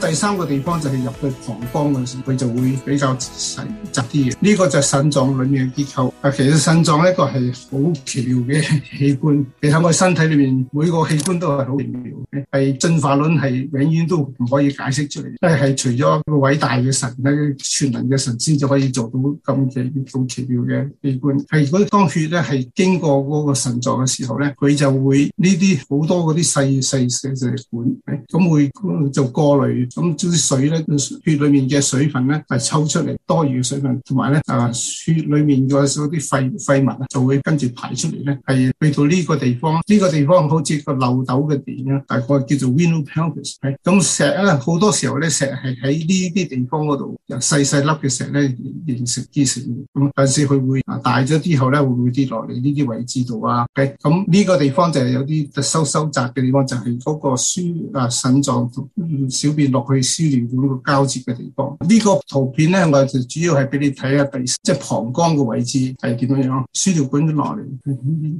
第三個地方就係入去膀胱嘅時候，佢就會比較細窄啲嘅。呢、這個就係腎臟裏面嘅結構。其實腎臟一個係好奇妙嘅器官。其實我身體裏面每個器官都係好奇妙嘅，係進化論係永遠都唔可以解釋出嚟。但係除咗一個偉大嘅神，全能嘅神先就可以做到咁奇咁奇妙嘅器官。係如果當血呢係經過嗰個腎臟嘅時候呢，佢就會呢啲好多嗰啲細細嘅管，咁會就過濾。咁將啲水咧，血裏面嘅水分咧，係抽出嚟，多餘嘅水分同埋咧，啊，血裏面嘅嗰啲廢廢物啊，就會跟住排出嚟咧，係去到呢個地方。呢、呢個地方好似個漏斗嘅點啊，大概叫做 renal pelvis。咁石咧，好多時候咧，石係喺呢啲地方嗰度，由細細粒嘅石咧形成啲石。咁有時佢會、啊、大咗之後咧，會唔會跌落嚟呢啲位置度啊？咁呢個地方就係有啲收收窄嘅地方，就係、是、嗰個輸啊腎臟、嗯、小便去輸尿管個交接嘅地方，呢個圖片咧，我就主要係俾你睇下第四，即係膀胱嘅位置係點樣樣。輸尿管都落嚟，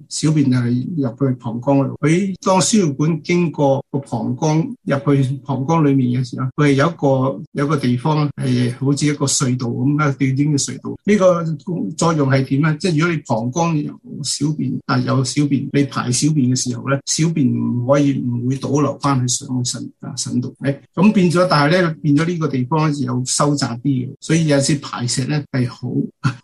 小便就係入去膀胱嗰度。喺當輸尿管經過個膀胱入去膀胱裏面嘅時候，佢係有一個有一個地方係好似一個隧道咁嘅短啲嘅隧道。呢個作用係點咧？即係如果你膀胱有小便，啊有小便，你排小便嘅時候咧，小便唔可以唔會倒流翻去上嘅腎啊腎度，哎、咁變。咁但係咧，變咗呢個地方有收窄啲，所以有陣時排石咧係好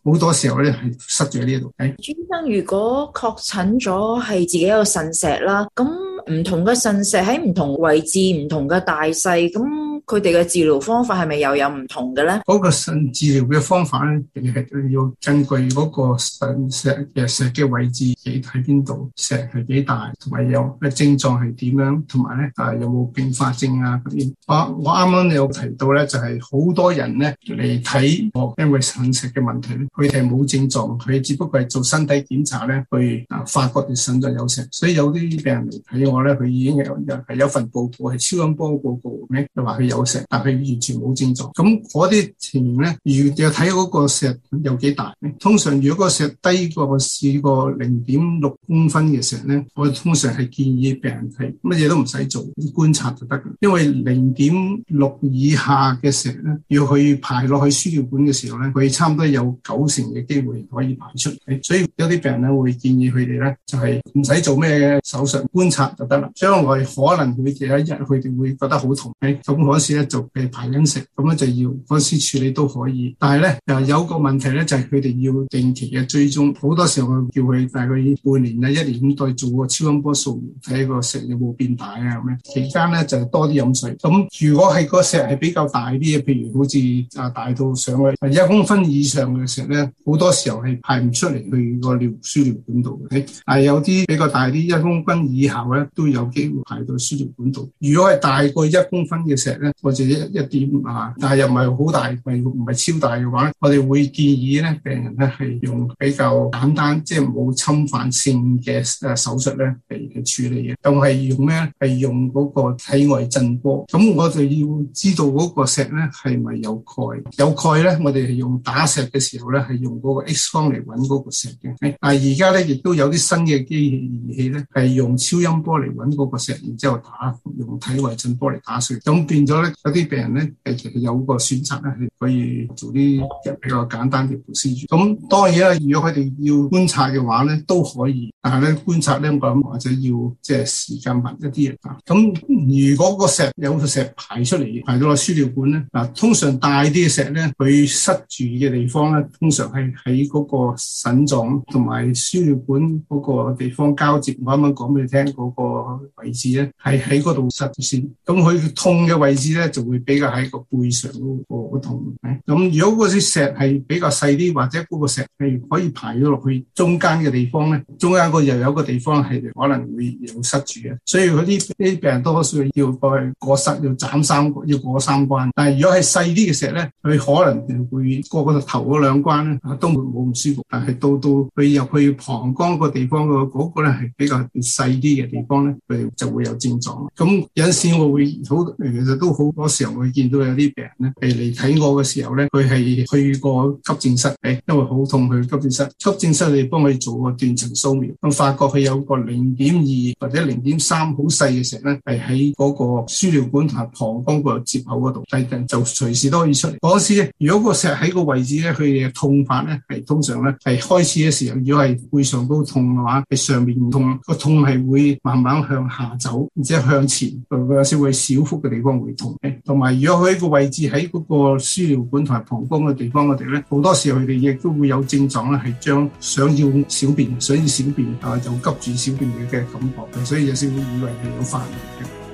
好多時候咧係塞住喺呢度。誒、欸，先生，如果確診咗係自己有一個腎石啦，咁唔同嘅腎石喺唔同位置，唔同嘅大細咁。佢哋嘅治療方法係咪又有唔同嘅咧？嗰個腎治療嘅方法咧，定係要根據嗰個腎石嘅石嘅位置喺喺邊度，石係幾大，同埋有嘅症狀係點樣，同埋咧啊有冇併發症啊啲。我我啱啱有提到咧，就係、是、好多人咧嚟睇我，因為腎石嘅問題咧，佢哋冇症狀，佢只不過係做身體檢查咧，去啊發覺條腎仲有石。所以有啲病人嚟睇我咧，佢已經有係有，有份報告係超音波報告咩就話佢有。石，但係完全冇症狀。咁嗰啲情形咧，如要睇嗰個石有幾大咧？通常如果個石低過我試過零點六公分嘅石咧，我通常係建議病人係乜嘢都唔使做，觀察就得。因為零點六以下嘅石咧，要去排落去輸尿管嘅時候咧，佢差唔多有九成嘅機會可以排出嚟。所以有啲病人咧會建議佢哋咧，就係唔使做咩手術，觀察就得啦。將來可能佢哋一日佢哋會覺得好痛，喺腫火。咧就俾排飲食，咁咧就要嗰時處理都可以。但係咧，有個個問題咧，就係佢哋要定期嘅追蹤，好多時候我叫佢，大概半年啊、一年咁代做個超音波掃，睇個石有冇變大啊咁樣。期間咧就是、多啲飲水。咁如果係個石係比較大啲嘅，譬如好似啊大到上去一公分以上嘅石咧，好多時候係排唔出嚟去個尿輸尿管道嘅。但有啲比較大啲，一公分以下咧都有機會排到輸尿管道。如果係大過一公分嘅石咧，或者一一點啊，但係又唔係好大，唔係唔係超大嘅話，我哋會建議咧，病人咧係用比較簡單，即係冇侵犯性嘅誒手術咧嚟嘅處理嘅。咁係用咩咧？係用嗰個體外震波。咁我哋要知道嗰個石咧係咪有鈣？有鈣咧，我哋係用打石嘅時候咧係用嗰個 X 光嚟揾嗰個石嘅。但係而家咧亦都有啲新嘅機器儀器咧，係用超音波嚟揾嗰個石，然之後打用體外震波嚟打碎。咁變咗咧。有啲病人咧，係其實有個選擇咧，係可以做啲比較簡單嘅護士住。咁當然啦，如果佢哋要觀察嘅話咧，都可以。但係咧觀察咧咁，或者要即係時間密一啲嘢。咁如果個石有個石排出嚟，排咗個輸尿管咧，嗱、啊、通常大啲嘅石咧，佢塞住嘅地方咧，通常係喺嗰個腎臟同埋輸尿管嗰個地方交接。我啱啱講俾你聽嗰、嗰個位置咧，係喺嗰度塞住先。咁佢痛嘅位置咧就會比較喺個背上嗰個痛。咁如果嗰啲石係比較細啲，或者嗰個石係可以排咗落去中間嘅地方咧，中間個又有一個地方係可能會有塞住嘅，所以嗰啲啲病人多數要過過塞，要斬三要過三關。但係如果係細啲嘅石咧，佢可能會過個頭嗰兩關咧都冇咁舒服，但係到到佢入去膀胱個地方、個嗰個咧係比較細啲嘅地方咧，佢就會有症狀。咁有陣時我會好，其實都好。好多時候會見到有啲病人咧，係嚟睇我嘅時候咧，佢係去過急症室，誒，因為好痛去急症室。急症室你幫佢做個斷層掃描，咁發覺佢有個零點二或者零點三好細嘅石咧，係喺嗰個輸尿管同埋膀胱個接口嗰度，突然就隨時都可以出嚟。嗰時咧，如果個石喺個位置咧，佢哋嘅痛法咧係通常咧係開始嘅時候，如果係背上都痛嘅話，係上面痛，個痛係會慢慢向下走，然之後向前，個稍微小腹嘅地方會痛。同埋，如果佢喺個位置喺嗰個輸尿管同埋膀胱嘅地方，我哋咧好多時候佢哋亦都會有症狀咧，係將想要小便、想要小便啊，就急住小便嘅感覺嘅，所以有少少以為係有發炎嘅。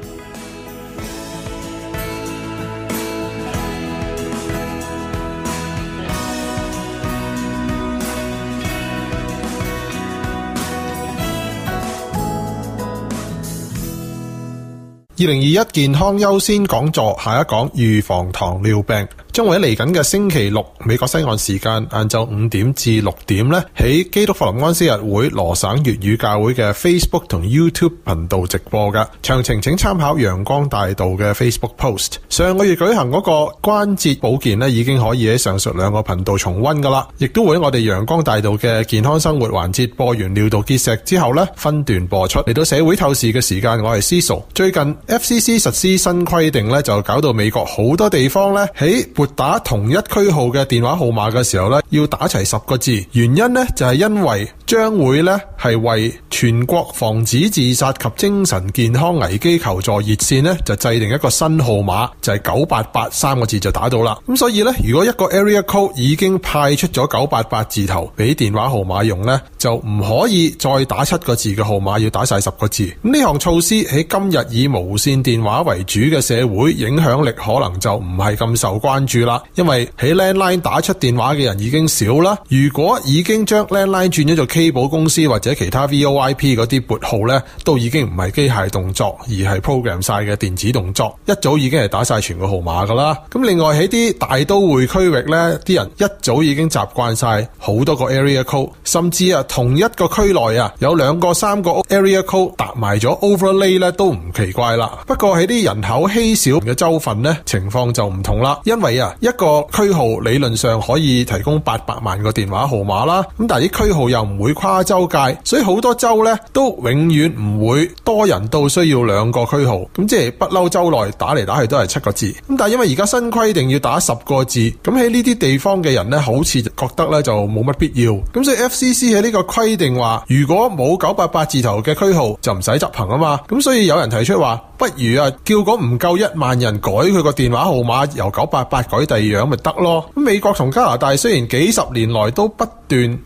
二零二一健康優先講座，下一講預防糖尿病，將會喺嚟緊嘅星期六。美國西岸時間晏晝五點至六點咧，喺基督復臨安息日會羅省粵語教會嘅 Facebook 同 YouTube 頻道直播㗎。詳情請參考陽光大道嘅 Facebook post。上個月舉行嗰個關節保健咧，已經可以喺上述兩個頻道重溫㗎啦。亦都會喺我哋陽光大道嘅健康生活環節播完尿道結石之後咧，分段播出。嚟到社會透視嘅時間，我係思熟。最近 FCC 實施新規定咧，就搞到美國好多地方咧，喺撥打同一區號嘅電話號碼嘅時候咧，要打齊十個字。原因咧就係、是、因為將會咧係為全國防止自殺及精神健康危機求助熱線咧就制定一個新號碼，就係九八八三個字就打到啦。咁所以咧，如果一個 area code 已經派出咗九八八字頭俾電話號碼用咧，就唔可以再打七個字嘅號碼，要打晒十個字。呢項措施喺今日以無線電話為主嘅社會，影響力可能就唔係咁受關注啦。因為喺 landline 打出電話嘅人已經少啦。如果已經將 Line 轉咗做 K 保公司或者其他 V O I P 嗰啲撥號呢，都已經唔係機械動作，而係 program 晒嘅電子動作。一早已經係打晒全個號碼噶啦。咁另外喺啲大都會區域呢，啲人一早已經習慣晒好多個 area code，甚至啊同一個區內啊有兩個三個 area code 搭埋咗 overlay 呢都唔奇怪啦。不過喺啲人口稀少嘅州份呢，情況就唔同啦，因為啊一個區號理論上可以提供八百萬個電話號碼啦，咁但係啲區號又唔會跨州界，所以好多州呢都永遠唔會多人到需要兩個區號，咁即係不嬲州內打嚟打去都係七個字，咁但係因為而家新規定要打十個字，咁喺呢啲地方嘅人呢好似覺得呢就冇乜必要，咁所以 FCC 喺呢個規定話，如果冇九八八字頭嘅區號就唔使執行啊嘛，咁所以有人提出話。不如啊，叫嗰唔夠一萬人改佢個電話號碼，由九八八改第二樣咪得咯。美國同加拿大雖然幾十年來都不。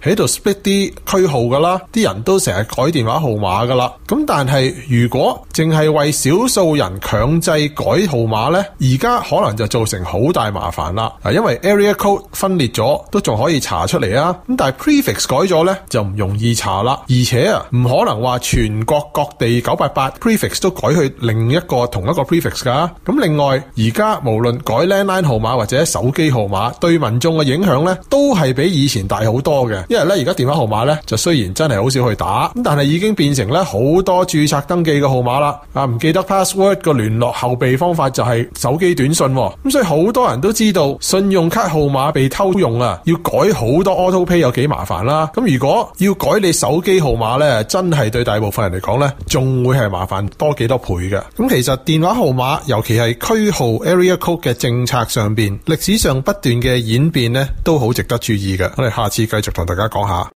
喺度 split 啲區號噶啦，啲人都成日改電話號碼噶啦。咁但係如果淨係為少數人強制改號碼呢，而家可能就造成好大麻煩啦。啊，因為 area code 分裂咗都仲可以查出嚟啊。咁但係 prefix 改咗呢，就唔容易查啦。而且啊，唔可能話全國各地九八八 prefix 都改去另一個同一個 prefix 噶。咁另外，而家無論改 landline 號碼或者手機號碼，對民眾嘅影響呢，都係比以前大好多。多嘅，因為咧而家電話號碼咧就雖然真係好少去打，咁但係已經變成咧好多注冊登記嘅號碼啦。啊，唔記得 password 個聯絡後備方法就係手機短信，哦，咁所以好多人都知道信用卡號碼被偷用啦，要改好多 auto pay 有幾麻煩啦。咁如果要改你手機號碼咧，真係對大部分人嚟講咧，仲會係麻煩多幾多倍嘅。咁其實電話號碼尤其係區號 area code 嘅政策上邊，歷史上不斷嘅演變咧，都好值得注意嘅。我哋下次繼續。就同大家講下。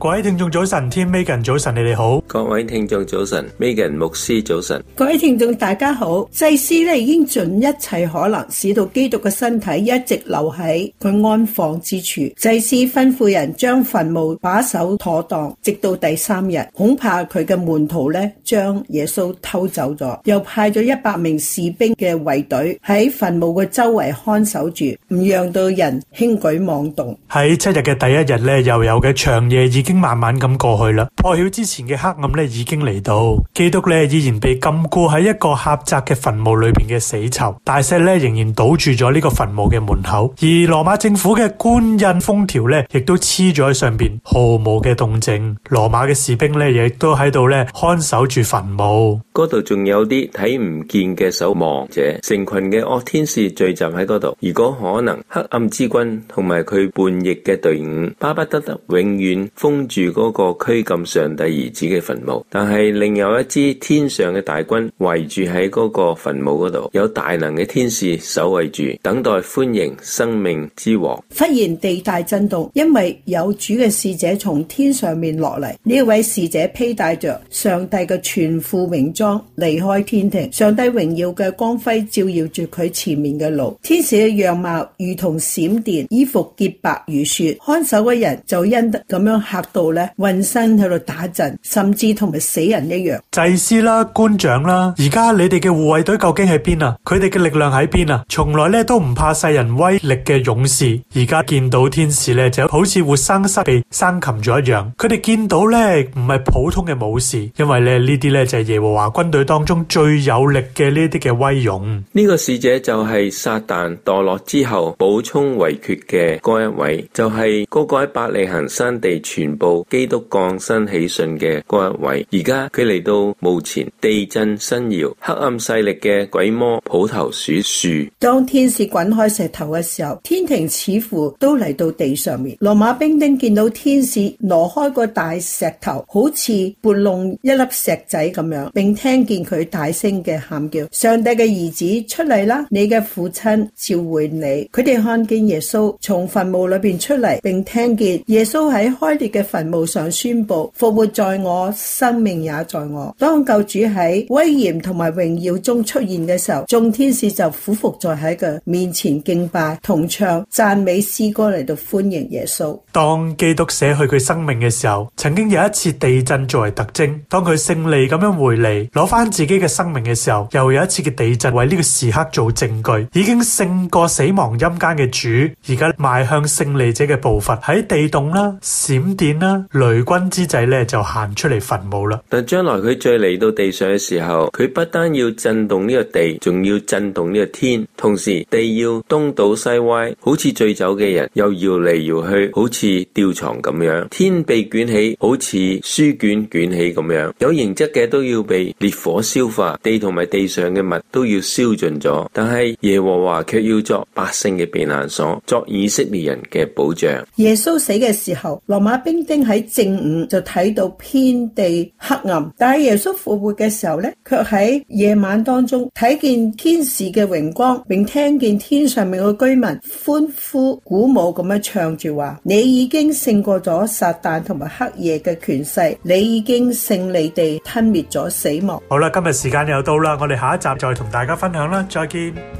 各位聽眾早晨添 megan 早晨你哋好，各位聽眾早晨，Megan 牧師早晨，各位聽眾大家好。祭司咧已經盡一切可能，使到基督嘅身體一直留喺佢安放之處。祭司吩咐人將墳墓把守妥當，直到第三日，恐怕佢嘅門徒咧將耶穌偷走咗，又派咗一百名士兵嘅衛隊喺墳墓嘅周圍看守住，唔讓到人輕舉妄動。喺七日嘅第一日咧，又有嘅長夜已。已經慢慢咁過去啦，破曉之前嘅黑暗咧已經嚟到，基督咧依然被禁錮喺一個狹窄嘅墳墓裏邊嘅死囚，大石咧仍然堵住咗呢個墳墓嘅門口，而羅馬政府嘅官印封條咧亦都黐咗喺上邊，毫無嘅動靜。羅馬嘅士兵咧亦都喺度咧看守住墳墓，嗰度仲有啲睇唔見嘅守望者，成群嘅惡天使聚集喺嗰度。如果可能，黑暗之君同埋佢叛逆嘅隊伍巴不得得永遠封住嗰個拘禁上帝兒子嘅墳墓，但係另有一支天上嘅大軍圍住喺嗰個墳墓嗰度，有大能嘅天使守衛住，等待歡迎生命之王。忽然地大震動，因為有主嘅使者從天上面落嚟。呢位使者披戴着上帝嘅全副榮裝離開天庭，上帝榮耀嘅光輝照耀住佢前面嘅路。天使嘅樣貌如同閃電，衣服潔白如雪。看守嘅人就因得咁樣吓。到咧，渾身喺度打震，甚至同埋死人一樣。祭司啦，官長啦，而家你哋嘅護衛隊究竟喺邊啊？佢哋嘅力量喺邊啊？從來咧都唔怕世人威力嘅勇士，而家見到天使咧，就好似活生生被生擒咗一樣。佢哋見到咧唔係普通嘅武士，因為咧呢啲咧就係耶和華軍隊當中最有力嘅呢啲嘅威勇。呢個使者就係撒旦墮落之後補充遺缺嘅嗰一位，就係嗰個喺百里行山地傳報基督降生喜訊嘅嗰一位，而家佢嚟到墓前，地震新搖，黑暗勢力嘅鬼魔抱頭鼠竄，當天使滾開石頭嘅時候，天庭似乎都嚟到地上面。羅馬兵丁見到天使挪開個大石頭，好似撥弄一粒石仔咁樣，並聽見佢大聲嘅喊叫：上帝嘅兒子出嚟啦！你嘅父親召喚你。佢哋看見耶穌從墳墓裏邊出嚟，並聽見耶穌喺開裂嘅。墳墓上宣布，復活在我，生命也在我。當救主喺威嚴同埋榮耀中出現嘅時候，眾天使就俯伏在喺佢面前敬拜，同唱讚美詩歌嚟到歡迎耶穌。當基督捨去佢生命嘅時候，曾經有一次地震作為特徵。當佢勝利咁樣回嚟，攞翻自己嘅生命嘅時候，又有一次嘅地震為呢個時刻做證據。已經勝過死亡陰間嘅主，而家邁向勝利者嘅步伐喺地洞啦，閃電。雷軍之際咧，就行出嚟墳墓啦。但將來佢再嚟到地上嘅時候，佢不單要震動呢個地，仲要震動呢個天，同時地要東倒西歪，好似醉酒嘅人，又搖嚟搖去，好似吊床咁樣。天被捲起，好似書卷捲起咁樣，有形質嘅都要被烈火燒化，地同埋地上嘅物都要燒盡咗。但係耶和華卻要作百姓嘅避難所，作以色列人嘅保障。耶穌死嘅時候，羅馬兵。喺正午就睇到遍地黑暗，但係耶穌復活嘅時候咧，卻喺夜晚當中睇見天使嘅榮光，並聽見天上面嘅居民歡呼鼓舞咁樣唱住話：你已經勝過咗撒旦同埋黑夜嘅權勢，你已經勝利地吞滅咗死亡。好啦，今日時間又到啦，我哋下一集再同大家分享啦，再見。